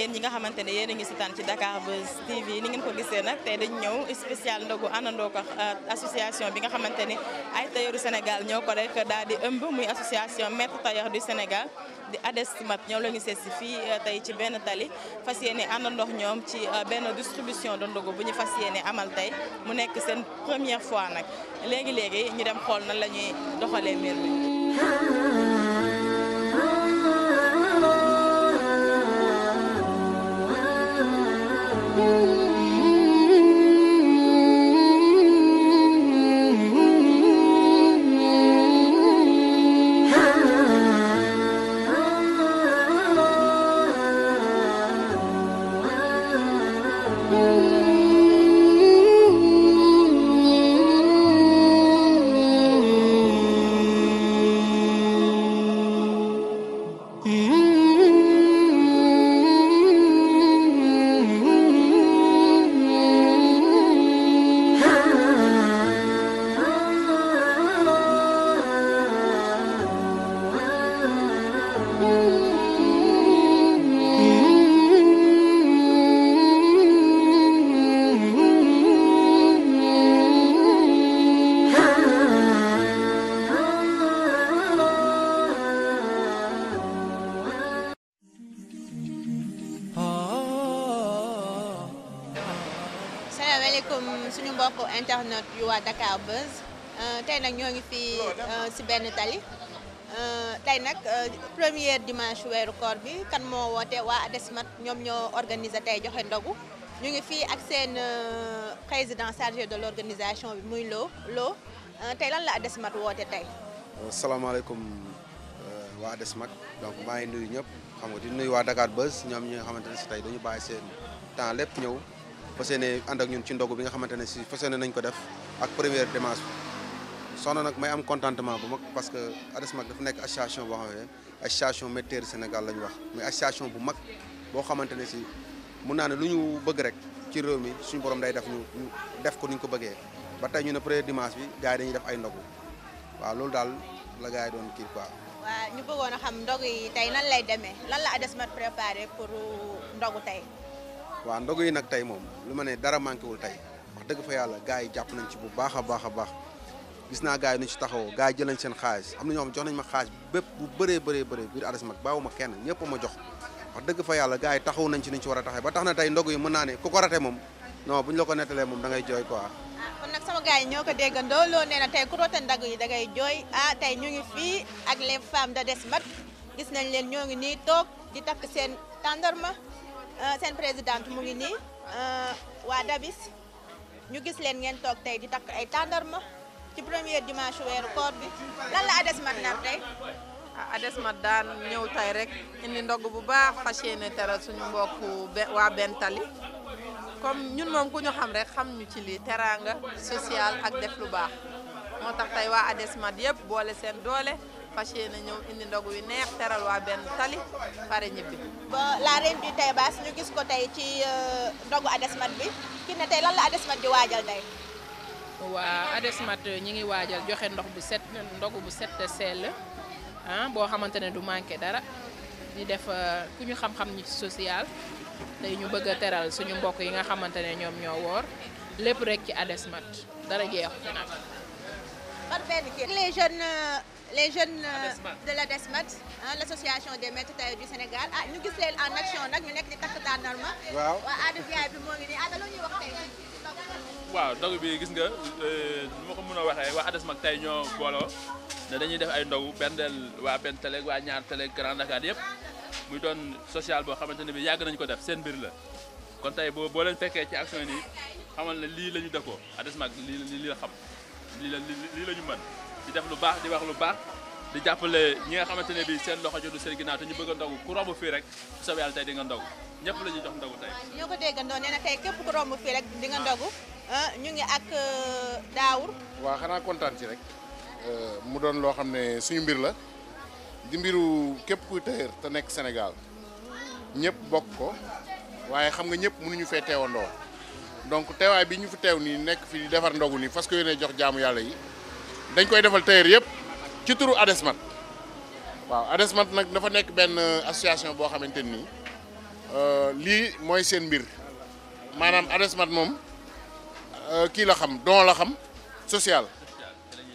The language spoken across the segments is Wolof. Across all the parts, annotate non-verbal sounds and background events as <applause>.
yéen ñi nga xamante ne yéen a ngi seetaan ci Dakar Buzz TV ni ngeen ko gisee nag tey dañu ñëw spécial ndogu àndandoo ko euh, association bi nga xamante ni ay tailleur Sénégal ñoo ko rek daal di ëmb muy association maître tailleur du Sénégal di mat ñoom la ñu seet si fii euh, tey ci benn tali fas yéene àndandoo ñoom ci euh, benn distribution de ndogu bu ñu fas yéene amal tey mu nekk seen première fois nag léegi-léegi ñu dem xool na la ñuy doxalee mbir Thank you. internet yu waa Dakar Buzz euh, tey nag ñoo ngi fii si euh, benn tali euh, tey nag première dimanche weeru koor bi kan moo woote waa Adesmat ñoom ñoo organiser tey joxe ndogu ñu ngi fii ak seen président chargé de l'organisation bi muy loo loo tey lan la Adesmat woote tey. salaamaaleykum waa mag donc maa ngi nuyu ñëpp xam nga di nuyu waa Dakar Buzz ñoom ñi nga xamante ne si tey dañu bàyyi seen temps lépp ñëw. fas yéene ànd ak ñun ci ndogu bi nga xamante ne si fa yéene nañ ko def ak première démarche bi soxna nag may am contentement bu mag parce que ADESMAC dafa nekk association boo xam ne Sénégal la ñu wax muy association bu mag boo xamante ne si mun naa ne lu ñu bëgg rek ci réew mi suñu borom day def ñu def ko ni ñu ko bëggee ba tey ñu ne première dimanche bi gars yi dañuy def ay ndogu waaw loolu daal la gars yi doon kii quoi. waaw ñu bëggoon a xam ndogu yi tey nan lay demee lan la ADESMAC préparé pour ndogu waaw ndogu yi nag tey moom lu ma ne dara manqué wul tey wax dëgg fa yàlla gars yi jàpp nañ ci bu baax a baax a baax gis naa gars yi nu ci taxawoo gars yi seen xaalis am na ñoo nañ ma xaalis bépp bu bëree bëree bëree biir adresse mag baawu ma kenn ñëpp ma jox wax dëgg fa yàlla gars yi taxaw nañ ci niñ ci war a taxee ba tax na tey ndogu yi mën naa ne ku ko rate moom non bu ñu la ko moom da ngay jooy quoi ah, kon yi ñoo ko déggandoo loolu nee na tey ku yi da ngay jooy ah, tey ñu ngi fii ak les femmes de Desmat gis nañ leen ñoo ngi nii toog di takk seen tàndarma Euh, seen présidente mu ngi nii euh, waa Dabis ñu gis leen ngeen toog tey di takk ay tàndarma ci première dimanche weeru koor bi lan la ADESMAT nar tey. Ah, ADESMAT daan ñëw tey rek indi ndog bu baax fas yéene teral suñu mbokku waa benn comme ñun moom ku ñu xam rek xam ñu ci lii teraanga social ak def lu baax moo tax tey waa ADESMAT yëpp boole seen doole. fas yéene ñëw indi ndog wi neex teral waa benn tali pare ñibbi. ba la reine du Taïba ñu gis ko tey ci euh, ndogu adesmat bi ki ne tey lan la adesmat di waajal tey. waa adesmat euh, ñi ngi waajal joxe ndox bu set ndogu bu set te sell ah boo xamante ne du manqué dara di def euh, ku ñu xam-xam ñi ci social tey ñu bëgg a teral suñu mbokk yi nga xamante ne ñoom ñoo woor lépp rek ci adesmat dara jeexu nag. les jeunes. les jeunes euh, de la DESMAT l'association des maîtres tailleurs du Sénégal ah ñu gis leen en action nag ñu nekk di takk tàndarma waaw waa aada VIP bi moo ngi nii aada loo waaw ndogu bi gis nga euh, nu ma ko mën a waxee waa ADESMAC tey ñoo booloo ne dañuy def ay ndogu bendeel waa benn Télégue waa ñaar Télégue Grand Dakar yëpp muy doon social boo xamante ne bi yàgg nañu ko def seen mbir la kon tey boo boo leen fekkee ci action yi xamal ne lii la ñu dëkkoo ADESMAC lii lii la xam lii la ñu mën di def lu baax di wax lu baax di jàppale ñi nga xamante ne bii seen loxo jotu seen ginnaaw te ñu bëgg a ndogu ku romb fii rek bu soobee yàlla di nga ndogu ñëpp la ñuy jox ndogu tey. ñoo rek di ah, ñu ngi ak euh, Daawur. waaw xanaa kontaan rek euh, mu doon loo xam ne suñu mbir la di mbiru képp ku tailleur te nekk Sénégal ñëpp bokk ko waaye xam nga ñëpp mënuñu fee teewandoo donc teewaay bi ñu fi teew nii nekk fi di defar ndogu nii fas ko yéene jox jaamu yàlla yi. dañ koy defal tailleur yëpp ci turu Adesmat waaw Adesmat nag dafa nekk benn euh, association boo xamante nii euh, lii mooy seen mbir maanaam Adesmat moom euh, kii la xam don la xam social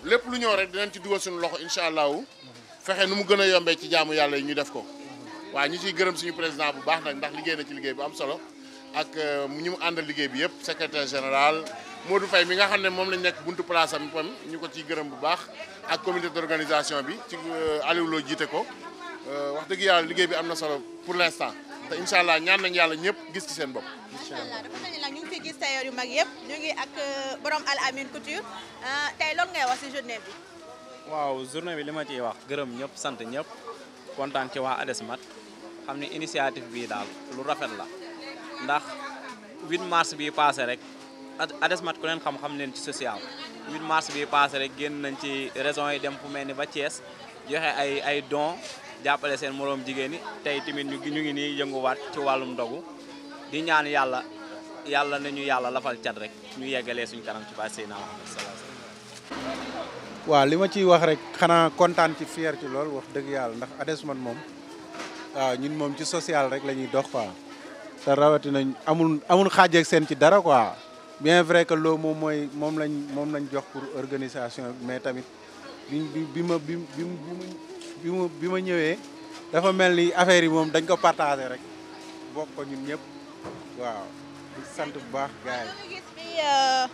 lépp lu ñëw rek dinañ ci dugal suñu loxo incha allahu fexe nu mu gën a yombee ci jaamu yàlla yi ñu def ko waa ñu ciy gërëm suñu président bu baax nag ndax liggéey na ci liggéey bu am solo ak ñu mu àndal liggéey bi yëpp secretaire général Modou Faye mi nga xam ne moom lañ nekk buntu place am itam ñu ko ciy gërëm bu baax ak comité d'organisation bi ci euh, Aliou Lo jiite ko euh, wax dëgg yàlla liggéey bi am na solo pour l'instant te incha allah ñaan nañ yàlla ñëpp gis ci seen bopp. incha allah dafa mel ni nag ñu ngi ak euh, borom Al Amine Couture tey loolu ngay wax ci journée bi. waaw journée bi li ma ciy wax gërëm ñëpp sant ñëpp kontaan ci waa ADESMAT xam ne initiative bii daal lu rafet la ndax 8 mars bii passé rek. adesmat ku leen xam-xam leen ci social 8 mars bi passé rek génn nañ ci raison yi dem fu mel ni ba Thiès joxe ay ay don jàppale seen moroom jigéen ñi tey tamit ñu ngi nii yënguwaat ci wàllum ndogu di ñaan yàlla yàlla nañu yàlla lafal cat rek ñu yeggalee suñu kanam ci ba Seydina Muhammad sallallahu alayhi waaw li ma ciy wax rek xanaa kontaan ci fier ci lool wax dëgg yàlla ndax adesmat moom waaw ñun moom ci social rek la ñuy dox quoi te rawatina amul amul xaajeeg seen ci dara quoi bien vrai que loo moom mooy moom lañ moom lañ jox pour organisation mais tamit bi bi ma bi bi bi ma ñëwee dafa mel ni affaire yi moom dañ ko partagé rek bokk ko ñun ñëpp waaw di sant bu baax gars yi. Euh,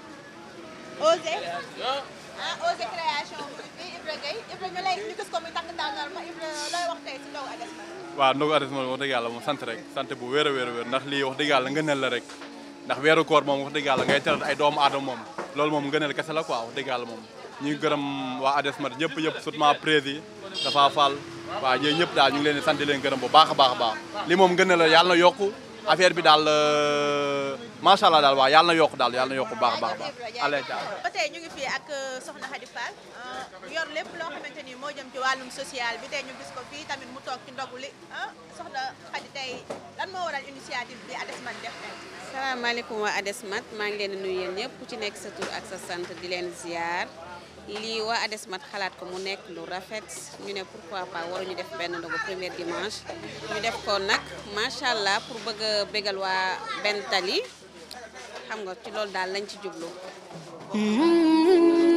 Osé ah, ah Osé création bi Ibra Gueye waaw ndogu adresse moom wax dëgg yàlla moom sant rek sant bu wér a wér a wér wax dëgg yàlla nga nel la rek. ndax weeru koor moom wax dëgg yàlla ngay teral ay doomu aadama moom loolu moom ngëneel kese la quoi wax dëgg yàlla moom ñu ngi gërëm waa adesmat ñëpp yëpp surtout prési dafa fall waa yooyu ñëpp daal ñu ngi leen di sant leen gërëm bu baax baax a baax li moom ngëneel la yàlla na yokku affaire bi daal euh, macha allah daal waaw yàlla na yokk daal yàlla na yokk baax baax baax. allez ba tey ñu ngi fii ak euh, Soxna Khady Fall euh, yor lépp loo ci wàllum social bi tey tamit mu toog ci ndogu li ah, Soxna maa ngi leen di ñëpp ku ci nekk sa tur ak sa sant di leen ziar. lii waa ADESMAT xalaat ko mu nekk lu rafet ñu ne pourquoi pas waruñu def benn ndogu première dimanche ñu def ko nag macha allah pour bëgg a bégal waa benn tali xam nga ci loolu daal lañ ci jublu. Mm-hmm.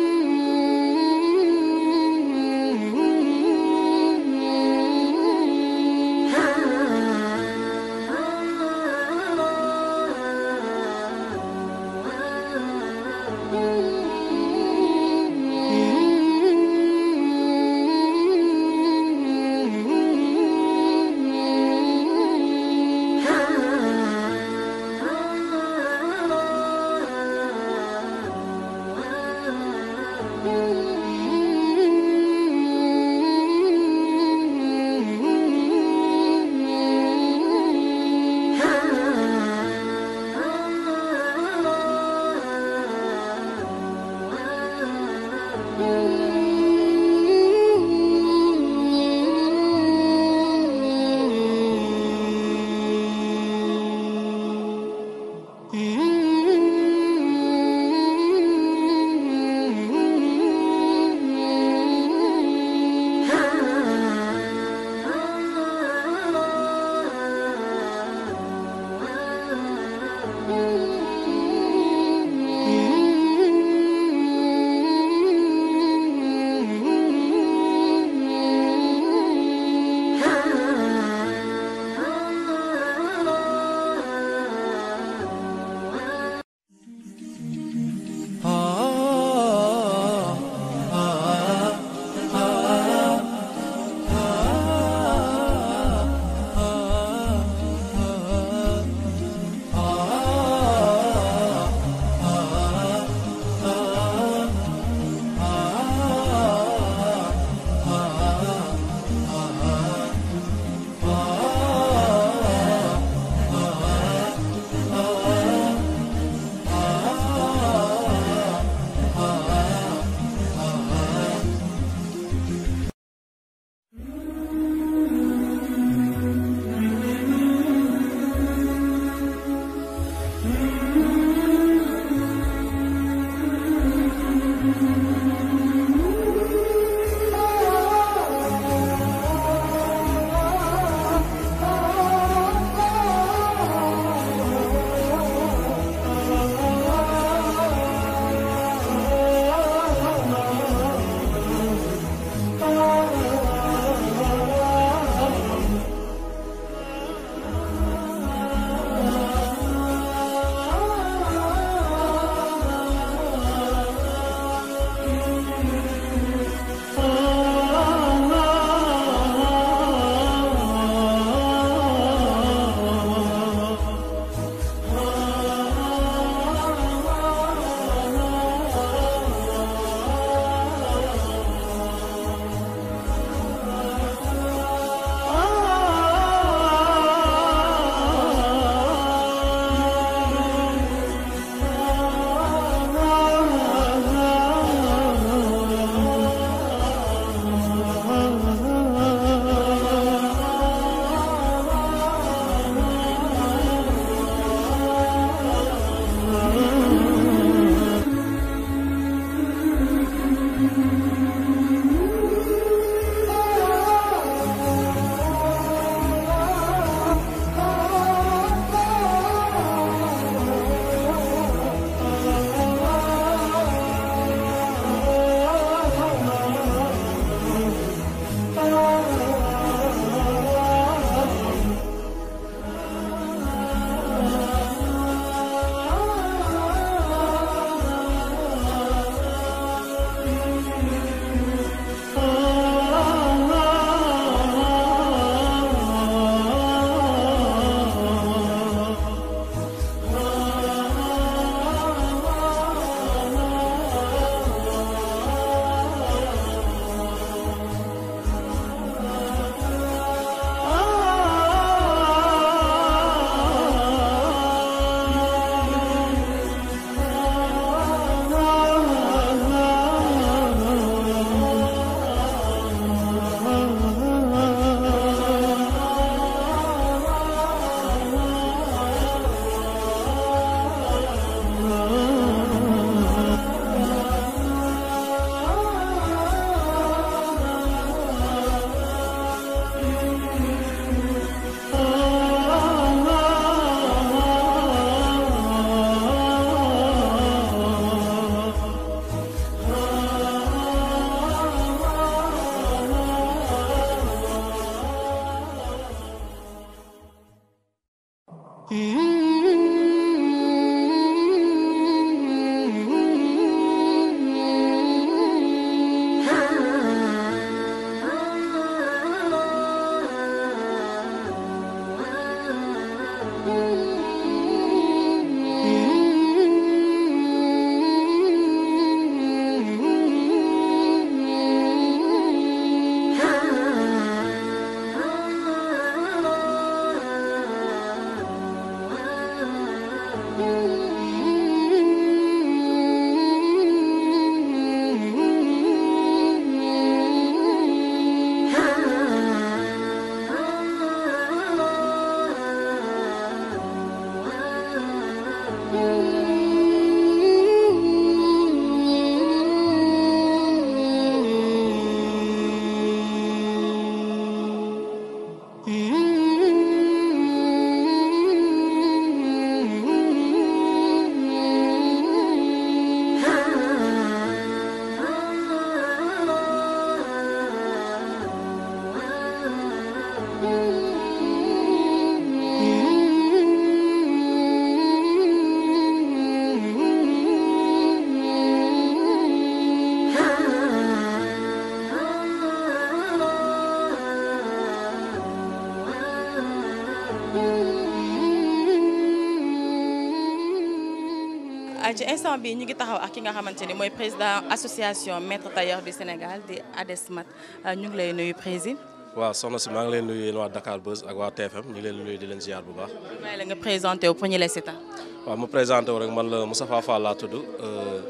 ci instant bi ñu ngi taxaw ak ki nga xamante ni mooy président association maître tailleur du Sénégal di ADESMAT euh, ñu ngi lay nuyu président. waaw soxna si maa ngi leen nuyu yéen waa Dakar Buzz ak waa TFM ñu ngi leen nuyu di leen ziar bu baax. may la nga présenté wu pour ñu lay seetaan. waaw mu présenté wu rek man la Moustapha Fall laa tudd euh,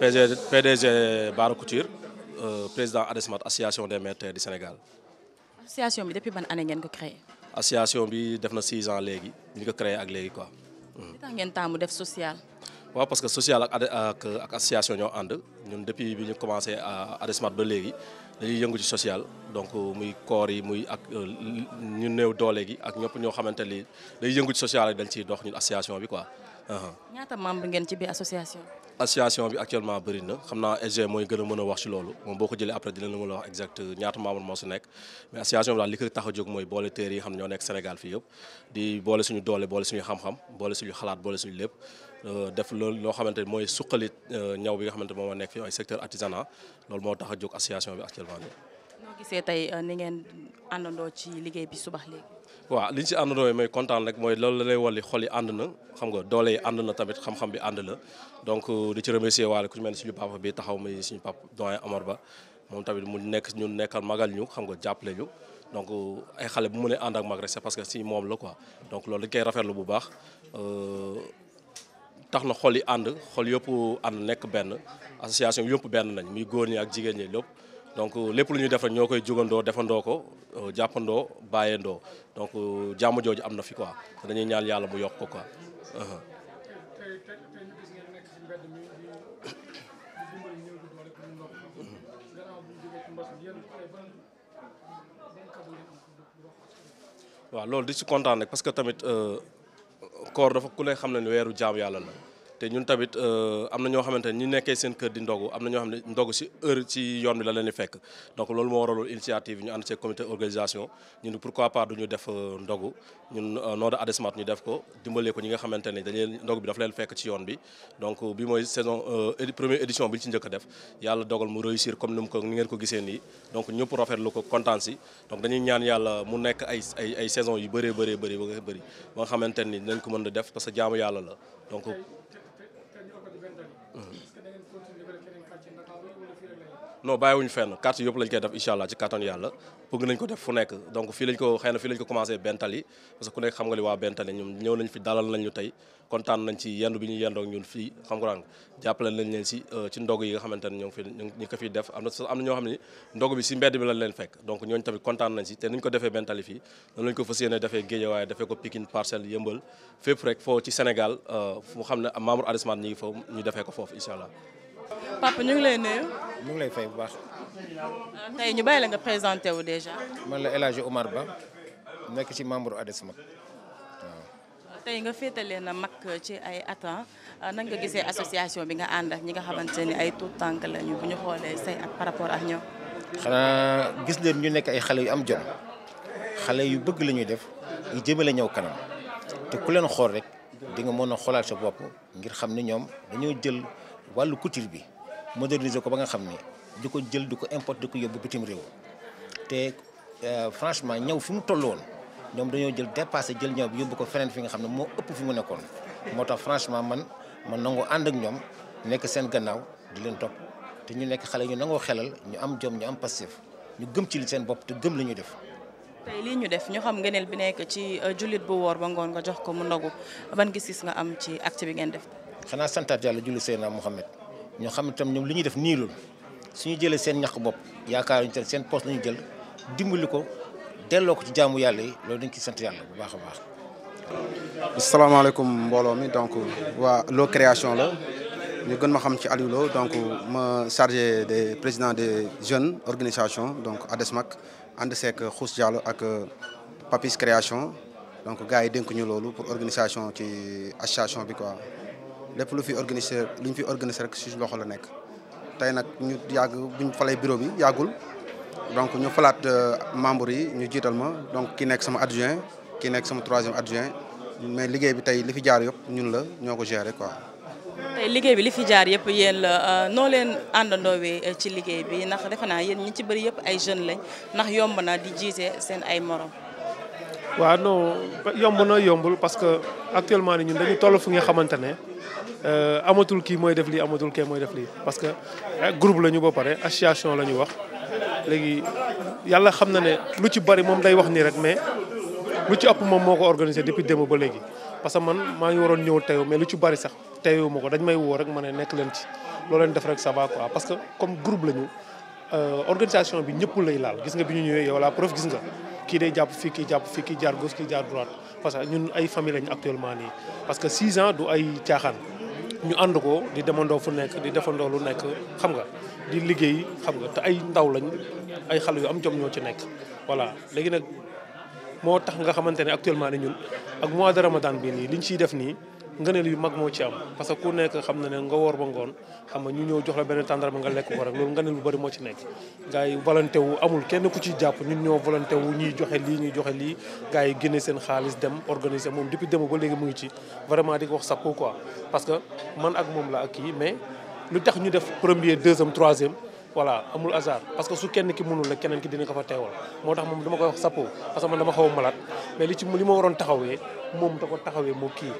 PDG PDG Bara Couture euh, président ADESMAT association des maîtres du Sénégal. association bi depuis ban année ngeen ko créé. association bi def na 6 ans léegi ñu ko créé ak léegi quoi. li tax ngeen def social. waaw parce que social ak ak ak association ñoo ànd ñun depuis bi ñu commencé à euh, Adesmat ba léegi dañuy yëngu ci social donc euh, muy koor yi muy ak euh, ñu néew doole gi ak ñëpp ñoo xamante ni day yëngu sociale social dañ ciy dox ñu association bi quoi. ñaata membre ngeen ci biir association. association bi actuellement bëri xam naa SG mooy gën a mën a wax ci loolu moom boo ko jëlee après dina la mën a wax exact euh, ñaata membre moo si nekk mais association bi daal li ko tax a jóg mooy boole xam ne suñu doole boole suñu xam-xam boole suñu xalaat boole suñu lépp euh, def loolu loo xamante mooy suqali euh, ñaw bi nga xamante moom moo nekk fii ay secteur artisanat loolu moo tax a jóg association bi actuellement bi waaw li ñu si àndandoo mooy kontaan rek mooy loolu la lay walli xol yi ànd na xam nga doole yi ànd na tamit xam-xam bi ànd la donc euh, di ci remercier waale ku ci mel ni suñu papa bi taxaw muy suñu papa doyen Amar Ba moom tamit mu nekk ñun nekkal magal ñu xam nga jàppale ñu donc euh, ay xale bu mu ne ànd ak mag rek parce que si moom la quoi donc loolu dañ koy rafetlu bu baax euh, tax na xol yi ànd xol yëpp ànd nekk benn association yëpp benn nañ muy góor ñi ak jigéen ñi lépp donc euh, lépp lu ñuy def rek ñoo koy jugandoo defandoo ko euh, jàppandoo bàyyandoo donc euh, jàmm jooju am na fi quoi te yàlla mu yokk ko uh-huh. <coughs> loolu di si kontaan rek parce que tamit koor dafa ku lay xam ne weeru jaam yàlla la. te ñun tamit euh, am na ñoo xamante ne ñi nekkee seen kër di ndogu am na ñoo xam ne ndogu si heure ci yoon bi la leen fekk donc loolu moo waraloon initiative ñu ànd ci comité organisation ñun pour pas du ñu def euh, ndogu ñun euh, noo de ñu def ko dimbalee ko ñi nga xamante ne dañ leen ndogu bi dafa leen fekk ci yoon bi donc bi mooy saison première édition bi ci njëkk a def yàlla dogal mu réussir comme ni mu ko ngeen ko gisee nii donc ñëpp rafetlu ko kontaan si donc dañuy ñaan yàlla mu nekk ay ay saison yu bëree bëree bëri ba nga bëri ba nga xamante ni dinañ ko mën a def parce que jaamu yàlla la donc non bàyyiwuñu fenn carte yëpp lañ koy def incha allah ci kattan yàlla bëgg nañ ko def fu nekk donc fii lañ ko xëy na fii lañ ko commencé bentali parce kontaan nañ ci yendu bi ñu yendoog ñun fii xam nga jàppale nañ leen si euh, ci ndog yi nga xamante ne ñoo ngi fi ñu ngi ko fiy def am na am na ñoo xam ne ndog bi si mbedd bi lañ leen fekk donc ñooñu tamit kontaan nañ si te niñ ko defee Yëmbal fépp rek foo ci Sénégal euh, fu xam ne membre arrondissement ñi ngi foofu ñu defee ko foofu incha allah papa ñu ngi lay nuyu. ñu ngi lay fay bu baax. Euh, tey ñu bàyyi la nga présenté wu déjà. man la El Hadj Omar Ba nekk ci membre ADESMAC waaw. Euh, tey nga féetalee na mag ci ay atan euh, nan nga gisee association bi nga ànd ak ñi nga xamante ni ay tout tànk lañu bu ñu xoolee say ak par rapport ak ñoom. xanaa gis leen ñu nekk ay xale yu am jom xale yu bëgg la ñuy def yu jëmale ñëw kanam te ku leen xool rek di nga mën a xoolaat sa bopp ngir xam ne ñoom dañoo jël wàllu couture bi. moderniser ko ba nga xam ni di ko jël di ko importe di ko yóbbu bitim réew te euh, franchement ñëw fi mu toll woon ñoom dañoo jël dépassé jël ñëw bi yóbbu ko feneen fi nga xam ne moo ëpp fi mu nekkoon moo tax franchement man man nangoo ànd ak ñoom nekk seen gannaaw di leen topp te ñu nekk xale ñu nangoo xelal ñu am jom ñu am passif ñu gëm ci li seen bopp te gëm la ñu def. lii ñu def ñu xam ngëneel bi nekk ci euh, jullit bu woor ba ngoon nga jox ko mu ndogu ban gis-gis nga am ci acte bi ngeen def. xanaa santaat yàlla julli Seydina Muhammad ñoo xam ne tam ñoom li ñuy def nii loolu ñu jëlee seen ñax bopp yaakaar ñu te seen poste la ñu jël dimbali ko delloo ko ci jaamu yàlla yi loolu dañ ciy sant bu baax a baax. asalaamaaleykum mbooloo mi donc waa Lo Création la ñu gën ma xam ci Aliou Lo donc ma chargé des présidents des jeunes organisations donc ADESMAC ànd seek Xous Diallo ak Papis Création donc gars yi dénk ñu loolu pour organisation ci association bi quoi. lépp lu fi organiser lu ñu fi organiser rek si loxo la nekk tey nag ñu yàgg bu ñu falee bureau bi yàggul donc ñu falaat euh, membre yi ñu jiital ma donc ki nekk sama adjoint ki nekk sama troisième adjoint mais liggéey bi tey li fi jaar yëpp ñun la ñoo ko gérer quoi. tey liggéey bi li fi jaar yëpp yéen la euh, noo leen àndandoowee euh, ci liggéey bi ndax defe naa yéen ñi ci bëri yëpp ay jeunes lañ ndax yomb na di jiite seen ay morom. waaw non yomb na yombul parce que actuellement ni dañu toll fu nga xamante ne Euh, amatul kii mooy def lii amatul kee mooy def lii parce que eh, group la ñu ba pare association la ñu wax léegi yàlla xam na ne lu ci bari moom day wax nii rek mais lu ci ëpp moom moo ko organisé depuis démb ba léegi. parce que man maa ngi waroon ñëw teew mais lu ci bari sax teewu ma ko dañ may woo rek ma ne nekk leen ci lool leen def rek sa va quoi parce que comme group la ñu euh, organisation bi ñëpp lay laal gis nga bi ñu ñëwee yow la preuve gis nga kii day jàpp fii jàpp fii kii jaar gauche jaar droite parce que ñun ay famille lañ actuellement parce que 6 ans du ay caaxaan. ñu ànd ko di demandoo fu nekk di defandoo lu nekk xam nga di liggéey xam nga te ay ndaw lañ ay xale yu am jom ñoo ci nekk voilà léegi nag moo tax nga xamante ne actuellement ni ñun ak mois de ramadan bii nii liñ ciy def nii ngëneel yu mag moo ci am parce que ku nekk xam na ne nga woor ba ngoon xam nga ñu ñëw jox la benn tàndarma nga lekk ko rek loolu ngëneel bu bëri moo ci nekk gars yi wu amul kenn ku ciy jàpp ñun ñoo volonté wu ñuy joxe lii ñuy joxe lii gars yi génne seen xaalis dem organiser moom depuis ba léegi mu ngi ci vraiment di ko wax sappo parce que man ak moom la ak kii mais lu tax ñu def premier deuxième troisième voilà amul hasard parce que su kenn ki mënul rek keneen ki dina ko fa teewal moo tax moom dama koy wax sappo parce que man dama xaw a malade mais li ci li ma waroon taxawee moom da ko taxawee moo kii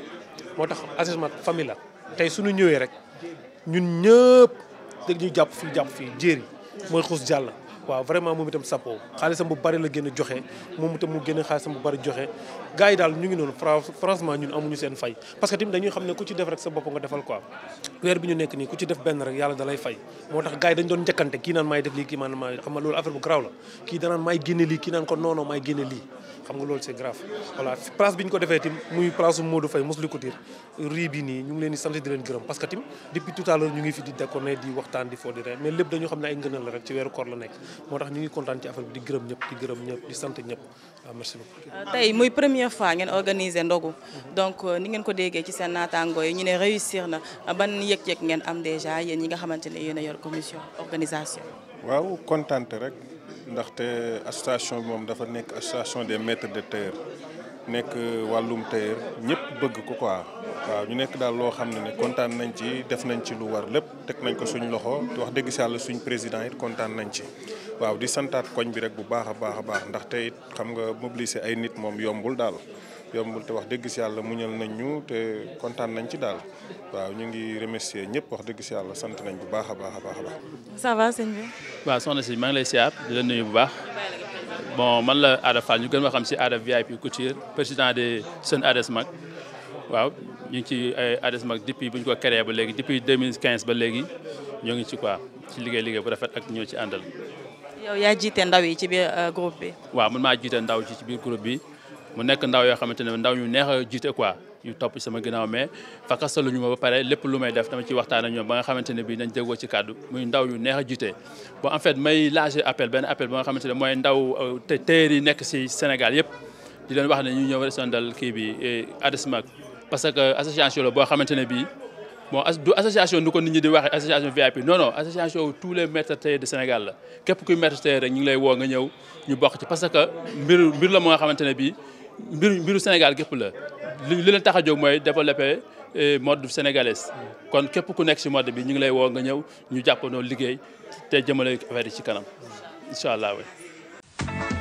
moo tax assessment famille la tey suñu ñëwee rek ñun ñëpp dañuy jàpp fii jàpp fii jéeri mooy xuus jàll waaw vraiment moom itam sappo xaalisam bu bari la gën a joxe moom itam mu gën a xaalisam bu bari joxe gars yi daal ñu ngi noonu franchement ñun amuñu seen fay parce que tamit dañuy xam ne ku ci def rek sa bopp nga defal quoi weer bi ñu nekk nii ku ci def benn rek yàlla dalay fay moo tax gars yi dañ doon njëkkante kii naan maay def lii kii man maa xam nga loolu affaire bu garaaw la kii génne lii lii xam nga loolu c'est grave voilà place bi ñu ko defee tim muy place Modou Faye Mously Couture rii bi nii ñu ngi leen di di leen gërëm parce tim depuis tout ñu ngi fi di déconné di waxtaan di fo di ree rek moo tax ñu ngi kontaan ci affaire di gërëm ñëpp di gërëm ñëpp di sant ñëpp waaw euh, muy première fois ngeen organiser ndogu donc euh, ni ngeen ko déggee ci seen naataango yi ñu ne réussir na ban yëg-yëg ngeen am déjà yéen ñi nga xamante ne yéen ndaxte association bi moom dafa nekk association des maîtres de terre nekk wàllum terre ñëpp bëgg ko quoi waaw ñu nekk daal loo xam ne ne kontaan nañ ci def nañ ci lu war lépp teg nañ ko suñu loxo wax dëgg si yàlla suñ président it kontaan nañ ci. waaw di santaat koñ bi rek bu baax a baax a baax ndaxte it xam nga mobiliser ay nit moom yombul daal. yombul te wax dëgg si yàlla muñal nañ ñu te kontaan nañ ci daal waaw ñu ngi remercier ñëpp wax dëgg si yàlla sant nañ bu baax a baax a baax a baax. ça va sëñ bi. si maa ngi lay siyaar di la nuyu bu baax. bon man la Ada Fall ñu gën ma xam si Ada VIP Couture président de Sen ADESMAC waaw ñu ngi ci ADESMAC depuis bu ñu ko créé ba léegi depuis 2015 ba léegi ñoo ngi ci quoi ci liggéey liggéey bu rafet ak ñoo ci àndal. yow yaa jiite ndaw yi ci biir euh, groupe bi. waaw man maa jiite ndaw ci biir groupe bi. mu nekk ndaw yoo xamante ne ndaw ñu neex a jiite quoi ñu topp sama ginnaaw mais fakastalu ñu ma ba pare lépp lu may def dama ci waxtaan ak ñoom ba nga xamante ne bii nañ jégoo ci kàddu muy ndaw ñu neex a jiite. bon en fait may lancé appel benn appel ba nga xamante ne euh, bi eh, ADESMAC parce que association la boo xamante ne du ko nit ñi di waxee association VIP non association tous les maîtres tailleurs de Sénégal la képp kuy maître tailleur rek ñu lay woo nga ñëw ñu bokk parce que mbiru mbiru Sénégal gépp la li leen tax a jóg mooy développer eh, mode sénégalaise kon képp ku nekk ci mode bi ñu ngi lay woo nga ñëw ñu jàppandoo liggéey te jëmale affaire yi ci kanam incha allah.